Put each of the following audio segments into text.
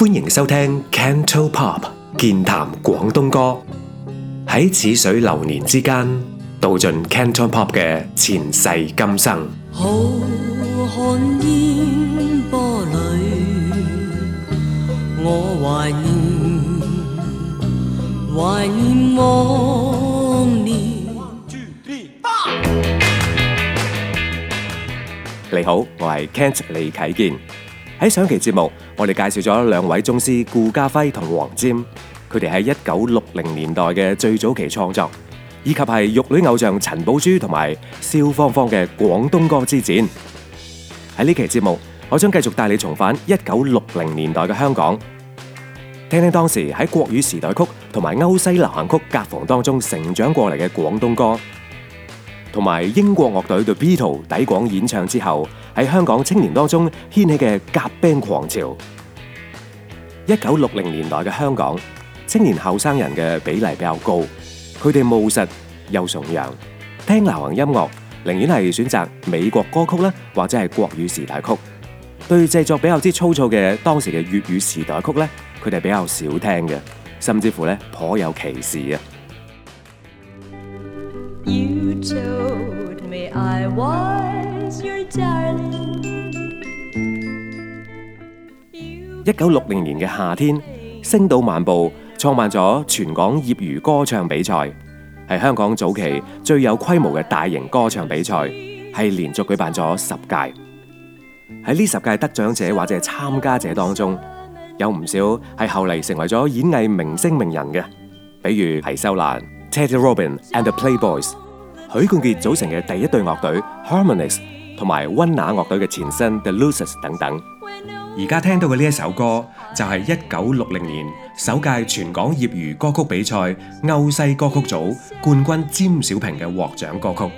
歡迎收聽 Cantopop 健談廣東歌，喺似水流年之間，道盡 Cantopop 嘅前世今生。浩瀚煙波裏，我懷念，懷念往年。你好，我係 Kent 李啟建。喺上期節目，我哋介紹咗兩位宗師顧嘉輝同黃霑，佢哋喺一九六零年代嘅最早期創作，以及係玉女偶像陳寶珠同埋蕭芳芳嘅廣東歌之戰。喺呢期節目，我將繼續帶你重返一九六零年代嘅香港，聽聽當時喺國語時代曲同埋歐西流行曲夾縫當中成長過嚟嘅廣東歌。同埋英國樂隊 The Beatles 抵港演唱之後，喺香港青年當中掀起嘅夾 band 狂潮。一九六零年代嘅香港青年，後生人嘅比例比較高，佢哋務實又崇洋，聽流行音樂寧願係選擇美國歌曲啦，或者係國語時代曲。對製作比較之粗糙嘅當時嘅粵語時代曲呢，佢哋比較少聽嘅，甚至乎呢頗有歧視嘅。 一九六零年嘅夏天，星島晚報創辦咗全港業餘歌唱比賽，係香港早期最有規模嘅大型歌唱比賽，係連續舉辦咗十屆。喺呢十屆得獎者或者係參加者當中，有唔少係後嚟成為咗演藝明星名人嘅，比如奚秀蘭、Teddy Robin and the Playboys。許冠傑組成嘅第一隊樂隊 Harmonix 同埋溫拿樂隊嘅前身 The Lusus 等等，而家聽到嘅呢一首歌就係一九六零年首屆全港業餘歌曲比賽歐西歌曲組冠軍詹小平嘅獲獎歌曲，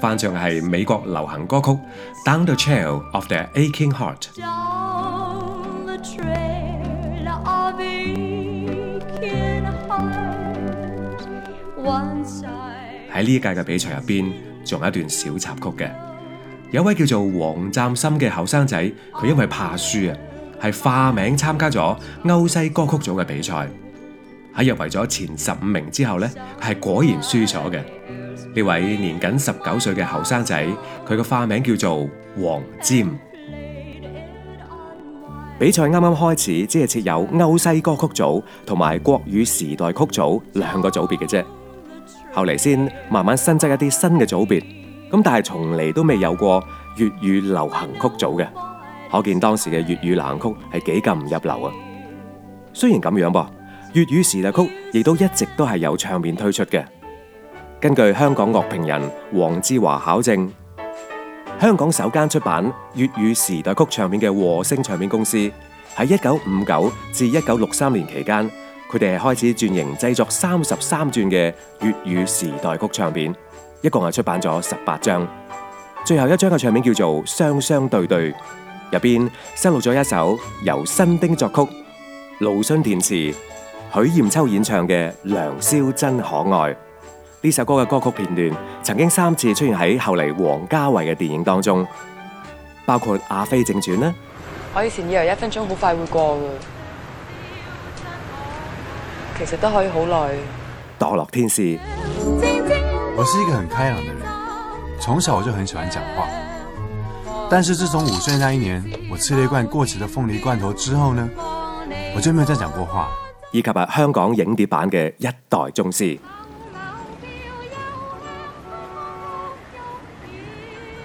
翻唱係美國流行歌曲 Down the Trail of the Aching Heart。喺呢一屆嘅比賽入邊，仲有一段小插曲嘅。有一位叫做黃湛森嘅後生仔，佢因為怕輸啊，係化名參加咗歐西歌曲組嘅比賽。喺入圍咗前十五名之後呢，佢係果然輸咗嘅。呢位年僅十九歲嘅後生仔，佢個化名叫做黃霑。比賽啱啱開始，只係設有歐西歌曲組同埋國語時代曲組兩個組別嘅啫。後嚟先慢慢新增一啲新嘅組別，咁但係從嚟都未有過粵語流行曲組嘅，可見當時嘅粵語冷曲係幾咁唔入流啊！雖然咁樣噃，粵語時代曲亦都一直都係有唱片推出嘅。根據香港樂評人黃志華考證，香港首間出版粵語時代曲唱片嘅和聲唱片公司喺一九五九至一九六三年期間。佢哋係開始轉型製作三十三轉嘅粵語時代曲唱片，一共係出版咗十八張，最後一張嘅唱片叫做《雙雙對對》，入邊收錄咗一首由新丁作曲、盧迅填詞、許艷秋演唱嘅《梁宵真可愛》。呢首歌嘅歌曲片段曾經三次出現喺後嚟王家衛嘅電影當中，包括阿菲《阿飛正傳》啦。我以前以為一分鐘好快會過的。其實都可以好耐，墮落天使。我是一個很開朗的人，從小我就很喜歡講話。但是自從五歲那一年，我吃了一罐過期的鳳梨罐頭之後呢，我就沒有再講過話。以及啊，香港影碟版嘅一代宗師，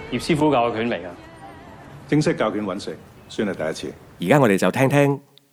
葉師傅教嘅拳嚟啊，正式教拳揾食，算係第一次。而家我哋就聽聽。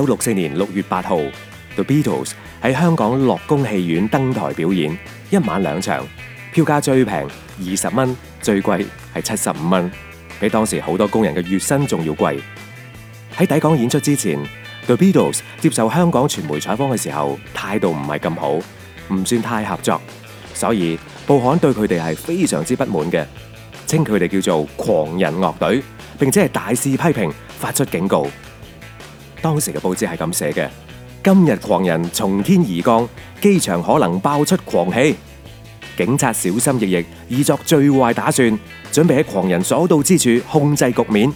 一九六四年六月八號，The Beatles 喺香港樂宮戲院登台表演，一晚兩場，票價最平二十蚊，最貴係七十五蚊，比當時好多工人嘅月薪仲要貴。喺抵港演出之前，The Beatles 接受香港傳媒採訪嘅時候，態度唔係咁好，唔算太合作，所以報刊對佢哋係非常之不滿嘅，稱佢哋叫做狂人樂隊，並且係大肆批評，發出警告。當時嘅報紙係咁寫嘅：今日狂人從天而降，機場可能爆出狂氣，警察小心翼翼，以作最壞打算，準備喺狂人所到之處控制局面。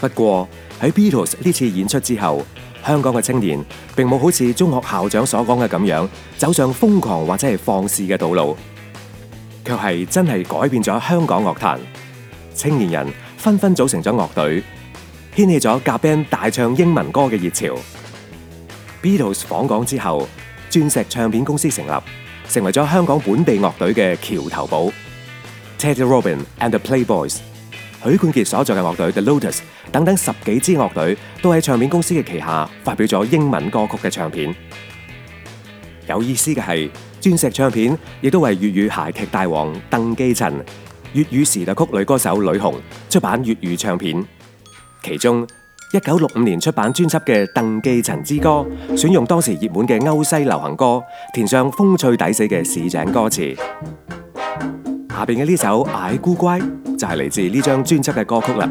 不過喺 Beatles 呢次演出之後，香港嘅青年並冇好似中學校長所講嘅咁樣走上瘋狂或者係放肆嘅道路，却係真係改變咗香港樂壇，青年人紛紛組成咗樂隊。掀起咗夾 band 大唱英文歌嘅熱潮。Beatles 訪港之後，鑽石唱片公司成立，成為咗香港本地樂隊嘅橋頭堡。Teddy Robin and the Playboys、許冠傑所在嘅樂隊 The Lotus 等等十幾支樂隊都喺唱片公司嘅旗下發表咗英文歌曲嘅唱片。有意思嘅係，鑽石唱片亦都為粵語諧劇大王鄧寄塵、粵語時代曲女歌手呂紅出版粵語唱片。其中，一九六五年出版專輯嘅《鄧寄塵之歌》，選用當時熱門嘅歐西流行歌，填上風趣抵死嘅市井歌詞。下邊嘅呢首《矮姑乖》，就係、是、嚟自呢張專輯嘅歌曲啦。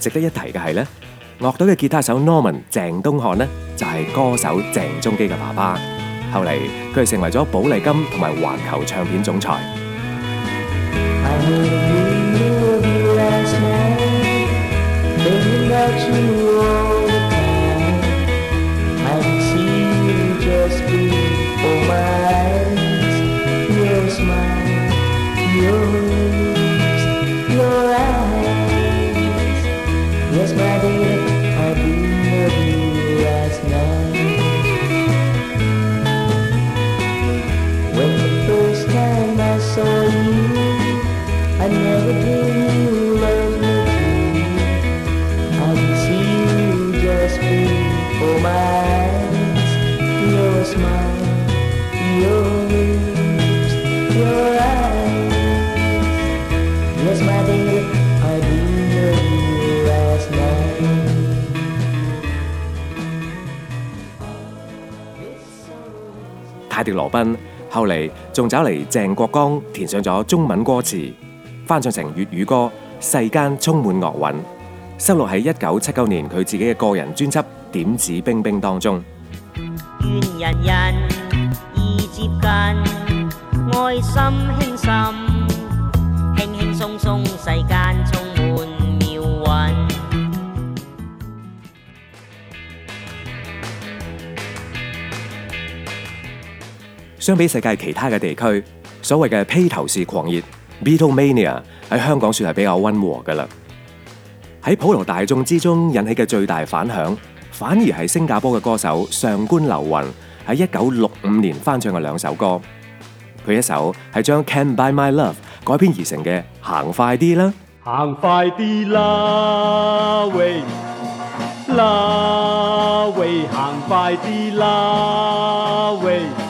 值得一提嘅係呢，樂隊嘅吉他手 Norman 鄭東漢呢就係歌手鄭中基嘅爸爸。後嚟佢係成為咗寶麗金同埋環球唱片總裁。嗌調羅賓，後嚟仲找嚟鄭國江填上咗中文歌詞，翻唱成粵語歌《世間充滿樂韻》，收錄喺1979年佢自己嘅個人專輯《點指冰冰》當中。願人人易接近，愛心輕心，輕輕鬆鬆世間。相比世界其他嘅地區，所謂嘅披頭士狂熱 （Beatlemania） 喺香港算係比較溫和㗎喇。喺普羅大眾之中引起嘅最大反響，反而係新加坡嘅歌手上官流雲喺一九六五年翻唱嘅兩首歌。佢一首係將《Can't Buy My Love》改編而成嘅，行快啲啦！行快啲啦，喂！啦，喂，行快啲啦，喂。啦，行快啲啦喂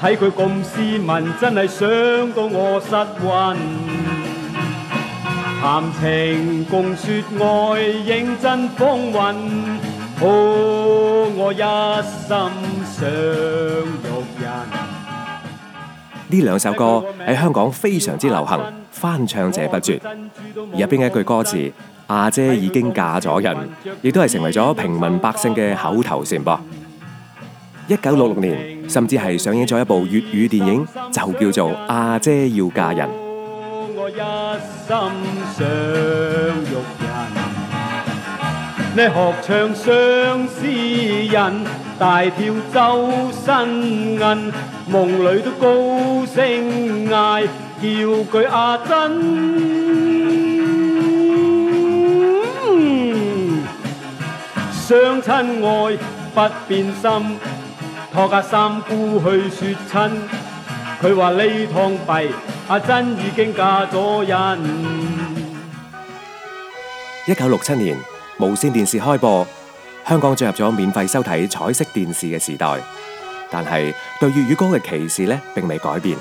睇佢咁斯文，真係想到我失魂。談情共説愛，認真風雲，好、哦、我一心想玉人。呢兩首歌喺香港非常之流行，翻唱者不絕。而入邊嘅一句歌詞：阿、啊、姐已經嫁咗人，亦都係成為咗平民百姓嘅口頭禪噃。一九六六年。甚至係上映咗一部粵語電影，就叫做《阿姐要嫁人》。託阿三姑去雪親說親，佢話呢趟弊，阿珍已經嫁咗人。一九六七年無線電視開播，香港進入咗免費收睇彩色電視嘅時代，但係對粵語歌嘅歧視咧，並未改變。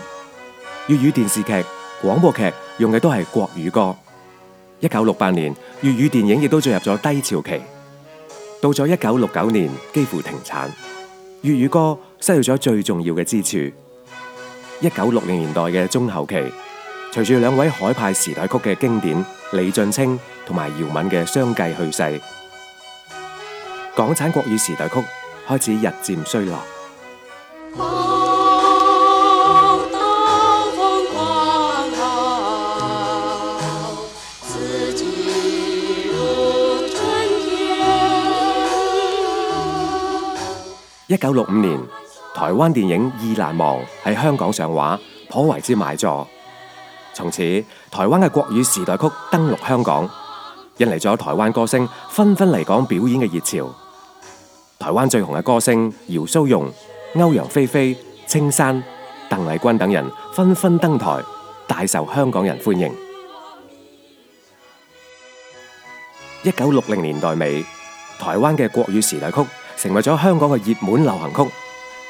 粵語電視劇、廣播劇用嘅都係國語歌。一九六八年粵語電影亦都進入咗低潮期，到咗一九六九年幾乎停產。粵語歌失去咗最重要嘅支柱。一九六零年代嘅中後期，隨住兩位海派時代曲嘅經典李雋青同埋姚敏嘅相繼去世，港產國語時代曲開始日漸衰落。一九六五年，台灣電影《意難忘》喺香港上畫，頗為之賣座。從此，台灣嘅國語時代曲登陸香港，引嚟咗台灣歌星紛紛嚟港表演嘅熱潮。台灣最紅嘅歌星姚蘇蓉、歐陽菲菲、青山、鄧麗君等人紛紛登台，大受香港人歡迎。一九六零年代尾，台灣嘅國語時代曲，成為咗香港嘅熱門流行曲，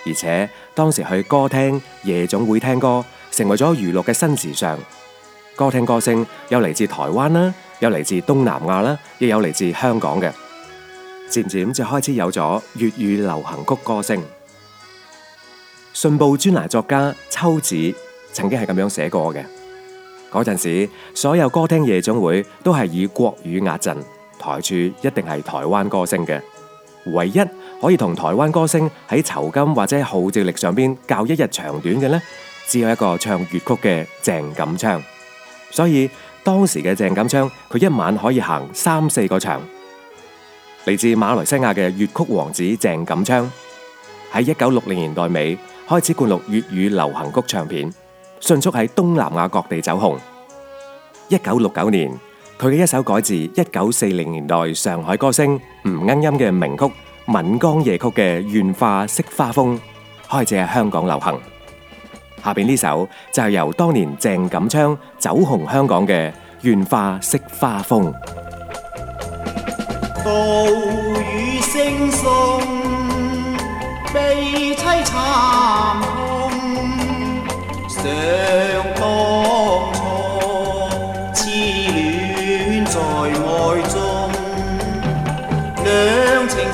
而且當時去歌廳、夜總會聽歌，成為咗娛樂嘅新時尚。歌廳歌星有嚟自台灣啦，有嚟自東南亞啦，亦有嚟自香港嘅。漸漸就開始有咗粵語流行曲歌星。《信報》專欄作家秋子曾經係咁樣寫過嘅，嗰陣時，所有歌廳、夜總會都係以國語壓陣，台柱一定係台灣歌星嘅，唯一。可以同台灣歌星喺酬金或者喺號召力上邊較一日長短嘅呢，只有一個唱粵曲嘅鄭錦昌。所以當時嘅鄭錦昌，佢一晚可以行三四個場。嚟自馬來西亞嘅粵曲王子鄭錦昌喺一九六零年代尾開始灌錄粵語流行曲唱片，迅速喺東南亞各地走紅。一九六九年，佢嘅一首改自一九四零年代上海歌星吳鶯音嘅名曲，《閩江夜曲》嘅《願化惜花風》，開始喺香港流行。下邊呢首就係由當年鄭錦昌走紅香港嘅《願化惜花風》。暴雨聲送悲凄慘痛，上東。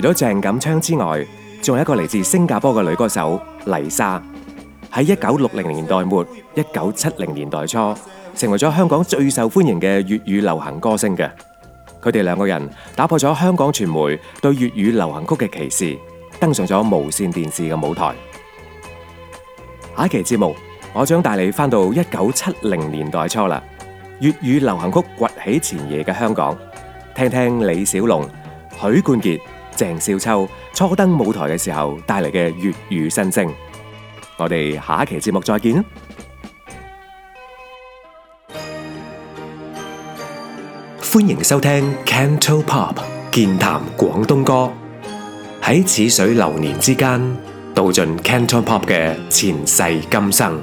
除咗鄭錦昌之外，仲有一個嚟自新加坡嘅女歌手黎莎，喺一九六零年代末，一九七零年代初，成為咗香港最受歡迎嘅粵語流行歌星嘅。佢哋兩個人打破咗香港傳媒對粵語流行曲嘅歧視，登上咗無綫電視嘅舞台。下一期節目，我將帶你返到一九七零年代初啦，粵語流行曲崛起前夜嘅香港，聽聽李小龍、許冠傑。鄭少秋初登舞台嘅時候帶嚟嘅粵語新聲，我哋下一期節目再見，歡迎收聽 Cantopop 健談廣東歌，喺似水流年之間道盡 Cantopop 嘅前世今生。